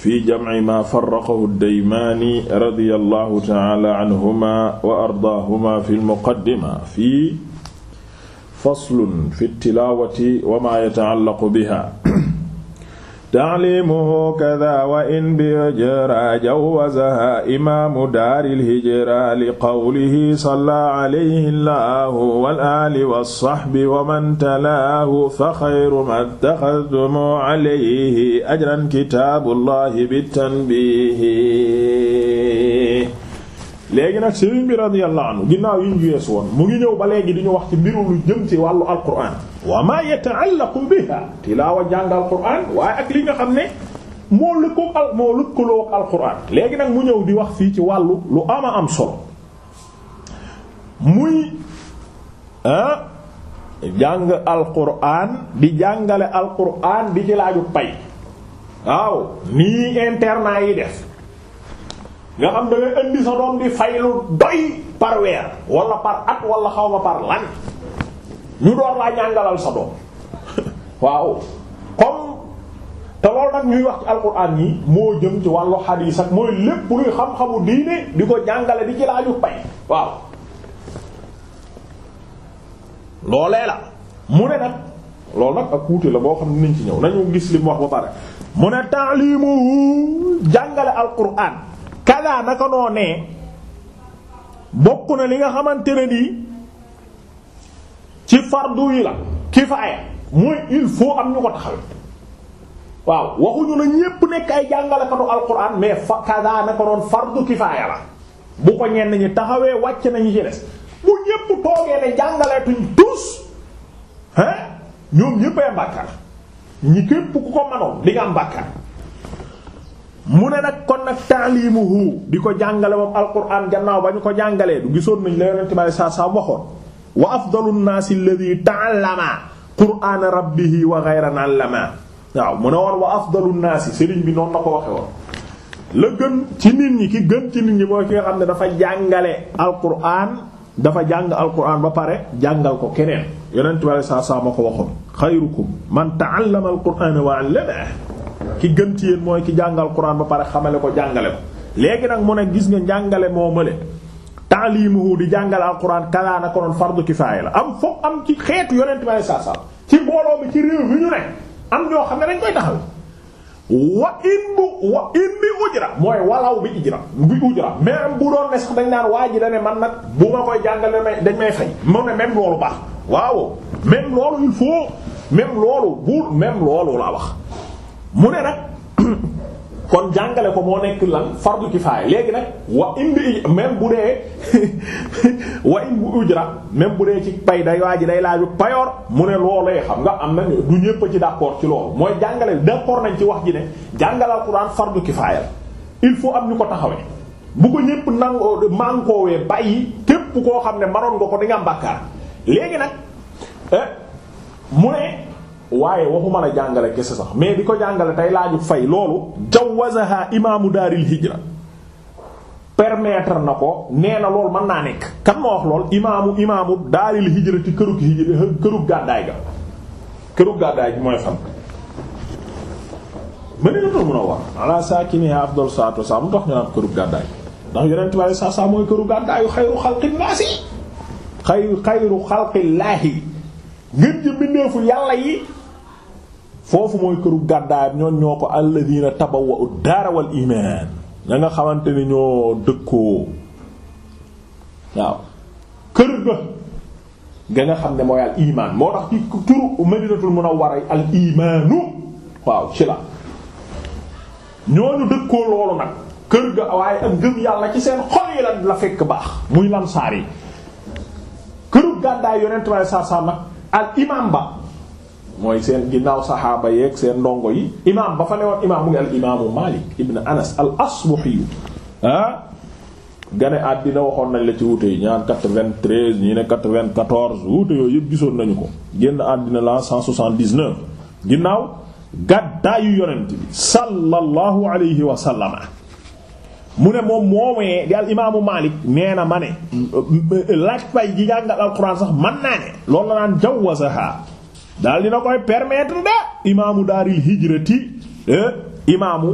fi jamci ma faraqahu daymaani radiyallahu ta'ala anhuma wa ardaahuma fi lmuqaddima fi faslun fi tilaawati wa ma yata'allaqu biha taalimuhu kada wa in bi jëra jawazaha imaamu daaril hijra li qawlihi salla alayhi llahu wal aali wa sahbi wa man talaahu fa xayru ma taxadtumu alayhi ajran kitaabullahi bitanbihi léegi nag sëriñ bi radiyallahu anhu ginnaaw yi ñu weesu woon mu ngi ñëw ba léegi di ñu wax ci mbiru lu jëm ci wàllu alquran wa ma yata'allaqu biha tilaawa jàng alquran waaye ak li nga xam ne moo lëkkoog al moo lëkkaloo ak alquran léegi nag mu ñëw di wax fii ci wàllu lu ama am solo muy ah jàng alquran di jàngale alquran di ci laaju pay waaw nii internat yi def nga xam da ngay indi sa doom di faylu doy par weer wala par at wala xaw ma par lan ñu door laa ñàngalal sa doom waaw comme te loolu nag ñuy wax ci alxuraan yi moo jëm ci wàllu xadiis ak mooy lépp luy xam-xamu diine di ko jàngale di ci laaju pay waaw loolee la mu ne nag loolu nag ak wuute la boo xam ne ci ñëw nañu gis li mu wax ba pare mu ne taalimu jàngale alxuraan kada naka noo nee bokk na li nga xamante ne lii ci fardu yi la kifaaya mooy il faut am ñu ko taxawee waaw waxuñu la ñépp nekk ay jàngalekatu alquran mais fa kada naka noon fardu kifaaya la bu ko ñenn ñi taxawee wàcc nañu ci des bu ñépp toogee ne jàngaleetuñ tous hein ñoom ñépp ay mbàkkar ñi képp ku ko manoon di nga am mbàkkar mu ne nag kon nag taalimuhu di ko jàngale moom alquran gannaaw ba ñu ko jàngalee du gisoon nañ la yonent bi saa saa waxoon wa afdalu nnaasi alladhi ta'allama qur'ana rabbihi wa ghayran 'allama waaw mu ne woon wa afdalu nnaasi sëriñ bi noonu na ko waxe woon la gën ci nit ñi ki gën ci nit ñi mooy ki xam ne dafa jàngale alquran dafa jàng alquran ba pare jàngal ko keneen yonent bi saa saa ma ko waxoon xayrukum man ta'allama alqur'ana wa 'allamahu ki gën ci yéen mooy ki jàngal quran ba pare xamale ko jàngale ko léegi nag mu ne gis nga jàngale njàngale moo mële taalimuhu di jàngal al quran kalaana ko noon fardu kifaaya la am foog am ci xeetu yonent bi saa saa ci mbooloo bi ci réew mi ñu ne am ñoo xam ne dañ koy taxaw wa in bu wa in bi mooy walaw bi ujra bi ujra même bu doon ne sax dañ naan waa ji ne man nag bu ma koy jàngale dañ may fay moom ne même loolu baax waaw même loolu il faut même mu ne nag kon jàngale ko moo nekk lan fardu kifaaya léegi nag wa indi même bu dee waa in bu ujra même bu dee ci pay day waa ji day laaju payoor mu ne loolee xam nga am na du ñépp ci d'accord ci loolu mooy jàngale d'accord nañ ci wax ji ne jàngale alxuraan fardu kifaaya il faut am ñu ko taxawee bu ko ñépp nangoo mànkoowee bàyyi képp koo xam ne maroon nga ko di nga am bàkkaar léegi nag eh, mu ne waaye waxuma la jàngale kese sax mais di ko jàngale tey laaju fay loolu jawazaha imaamu daaril hijra permettre na ko nee na loolu mën naa nekk kan ma wax lool imaamu imaamu daaril hijra ci kërug hijra kërug gàddaay ga kërug gàddaay bi mooy fan Madinatul Munawwara ala saakinihaa afdalu salaatu wassalaam mu tax ñu naan kërug gàddaay ndax yonent bi saa saa mooy këru gàddaayu xayru xalqi naasi xayru xayru xalqi ji mbindeefu yàlla yi foofu mooy këru gàddaayam ñoon ñoo ko alladina tabawwa'u nga xamante ni ñoo dëkkoo xam ne mooy al iman moo tax ci turu madinatul munawwara ñooñu dëkkoo loolu nag kër ga waaye ak gëm yàlla ci seen xol la la fekk baax muy lamsaar yi këru gàddaay yonent waaye saa nag al imaam ba mooy seen ginnaaw saxaaba yeeg seen ndongo yi imaam ba fa newoon imaam mu ngi al imaamu Malik ibn Anas al asbuhi ah gane àddina waxoon nañ la ci wuute yi ñaan quatre vingt ne quatre-vingt-quatorze yooyu yëpp gisoon nañu ko génn àddina la cent soixante-dix-neuf ginnaaw gàddaayu yonent bi sallallahu alayhi wa sallama mu ne moom moomee di al imaamu Malik nee na ma ne laaj fay gi jàngal alquran sax man naa ne loolu la naan jawwazaha daal dina koy permetre de imaamu daaril hijrati eh, imaamu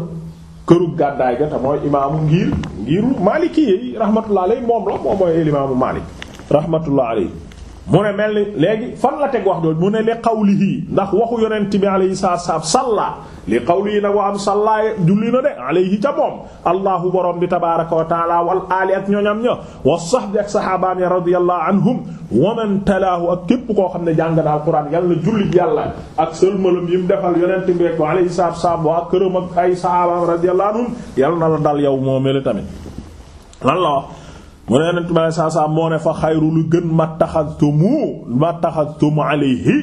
këru gàddaay ga te mooy imaamu ngir ngiru maliki yi rahmatullah alayhi moom la moom mooy el Maalik rahmatullah alayhi mu ne mel ni léegi fan la teg wax doon mu ne li qawlihi ndax waxu yonent bi alayhi salaam salla li qawlihi nag wa am salla julli na de alayhi ca moom allahu borom bi tabaaraka wa taala wal aali ak ñoñam ña wa sahbi ak sahabaami radiyallahu anhum wa man talaahu ak képp koo xam ne jàng na alquran yàlla julli yàlla ak sëlmalam yi mu defal yonent bi rek alayhi salaam waa këram ak ay sahabaam radiyallahu anhum yàlla na la dal yow moo mel tamit lan la wax mu ne yonent ma moo ne fa xayru lu gën mattaxadtumu mattaxadtumu alayhi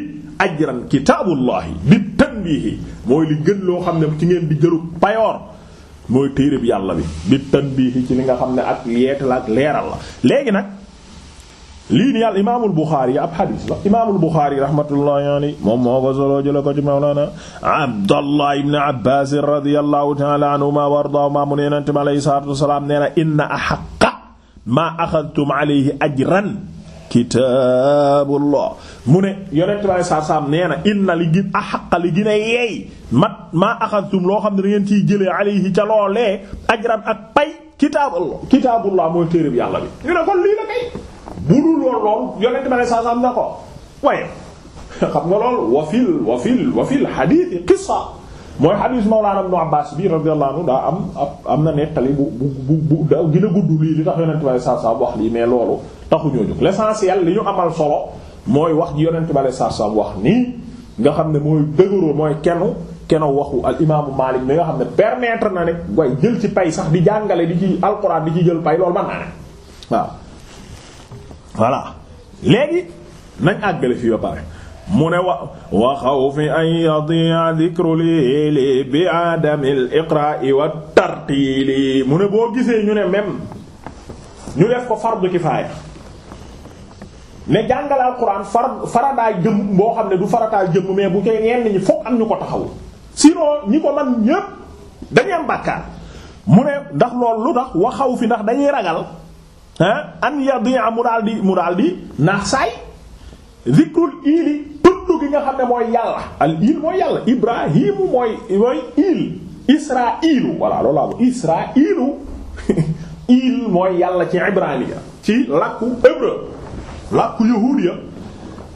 ajran kitaabullahi bi tanbiihi mooy li gën loo xam ne ci ngeen di jëlu payoor mooy bi yàlla bi bi tanbiihi ci li nga xam ne ak yeete la ak leeral la léegi nag lii nii al imaamul Buxaari ab xadiis la imaamul Buxaari rahmatullahi alayhi moom moo ko solo jële ko ci mawlana Abdallah ibn Abbaas radiyallahu ta'ala anhuma wa ardaahuma mu ne ma inna ahaq maa axadtum ajran kitaabullah mu ne yonent bi saa saam nee na inna li gin a xaqa li gina yeey mat maa axadtum loo xam ne da ngeen ciy jëlee alayhi ca loolee ajran ak pay kitaabullah kitaabullah mooy téereb yàlla bi ñu ne kon lii la kay bu dul lool lool yonent bi saa saam na ko waaye xam nga lool wa fil wa fil wa fil hadiisi qissa mooy xadiis Mawlaana Ibnu Abbaas bi radiyallahu anhu daa am am na nettali bu bu bu da gën a gudd lii li tax yonent bale sarsam wax lii mais loolu taxuñoo jóg l'essentiel li ñu amal solo mooy wax ji yonent bale sarsam wax nii nga xam ne mooy dëgëroo mooy kenu keno waxu al imaamu Maalik mi nga xam ne permettre na ne way jël ci pay sax di jàngale di ci alxuraan di ci jël pay loolu ba naa ne waaw voilà léegi nañ àggale fii ba pare mu ne wa wa xawfi an yadi'a dhikru li bi adami al wa tartili mu ne boo gisee ñu ne même ñu def ko fardu kifaaya ne jàngal alxuraan far farataay jëm boo xam ne du farataay jëm mais bu koy ñenn ñi fokk am ñu ko taxawu sinon ñi ko man ñépp dañuy am bàkkaar mu ne ndax lool lu tax xaw fi ndax dañuy ragal ah an yadi'a mu daal di mu daal di naax saay zikrul iili gi nga xam ne mooy yàlla al il mooy yàlla ibrahimu mooy loolu laa bu israilu mooy yàlla ci ibraniya ci làkku hébreu làkku yahudiya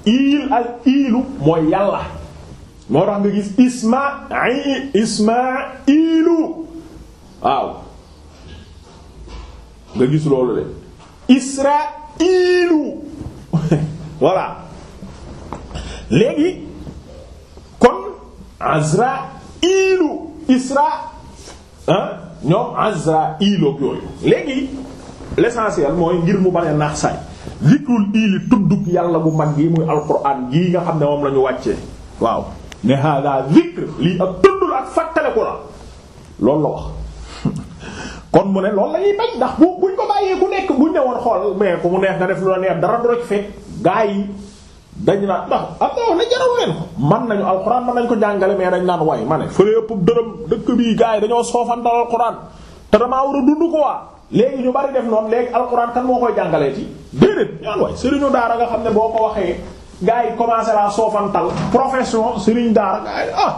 il al ilu mooy yàlla moo tax nga gis isma ismailu waaw nga gis loolu de israilu voilà léegi kon azra ilu ñoo ah ñoom azra iloog yooyu léegi l'essentiel mooy ngir mu bañ a naax saay zikrul ili tuddug yàlla bu mag yi muy alquran gii nga xam ne moom la ñu wàccee waaw ne hada lii ak tuddul ak fàttaleku la loolu la wax kon mu ne loolu la ñuy bañ ndax bu buñ ko bàyyee ku nekk buñ ne woon xool mais ku mu neex nga def lu la neex dara du rek fekk gaa yi dañ naan ndax am na wax ne jaraw leen ko man nañu alxuraan man nañ ko jàngale mais dañ naan way ma ne fële ëpp dërëm dëkk bii gars yi dañoo soofantal alxuraan te damaa war a dund ko waa léegi ñu bari def noonu léegi alxuraan kan moo koy jàngalee ci déedéet ñaan way daara nga xam ne boo ko waxee gars yi commencé la soofantal profession sëriñu daara gars yi ah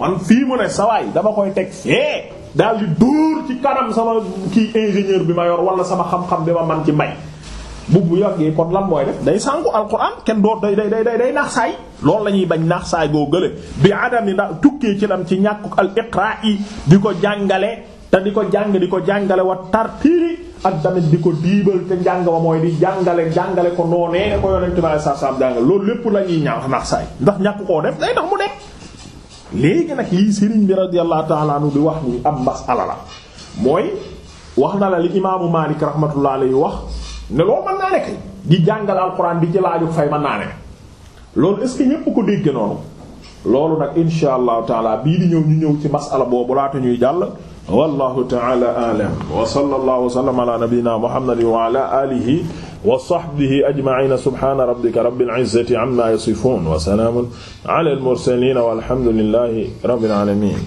man fii mu ne sawaay dama koy teg fee daal di dóor ci kanam sama kii ingénieur bi ma yor wala sama xam-xam ma man ci mbay bu bu yàggee kon lan mooy def day sànku alquran kenn doo day day day day naax saay loolu la ñuy bañ naax saay goo bi adami ndax tukkee ci lam ci ñàkk al iqra yi di ko jàngale te di ko jàng di ko jàngale wa tartiiri ak tamit di ko diibal te njàng ma mooy di jàngale jàngale ko noonee nga ko yonent bi saa saa jàngale loolu lépp la ñuy ñaax naax saay ndax ñàkk koo def day tax mu nekk léegi nag lii Serigne bi radiyallahu ta'ala anhu wax ni ab masala la mooy wax na la li imaamu Maalik rahmatullahi alayhi wax. ne loolu mën naa ne kay di jàngal alxuraan di ci laaju fay mën naa ne loolu est-ce que ñépp ko dégg noonu loolu nag insha allahu taala bii di ñëw ñu ñëw ci masala boobu laata ñuy jàll wallahu taala alam wa sallallahu wa sallam ala nabiyyina muhammadin wa ala alihi wa sahbihi ajma'in subhana rabbika rabbil izzati amma yasifun wa salamun ala al mursalin walhamdulillahi rabbil alamin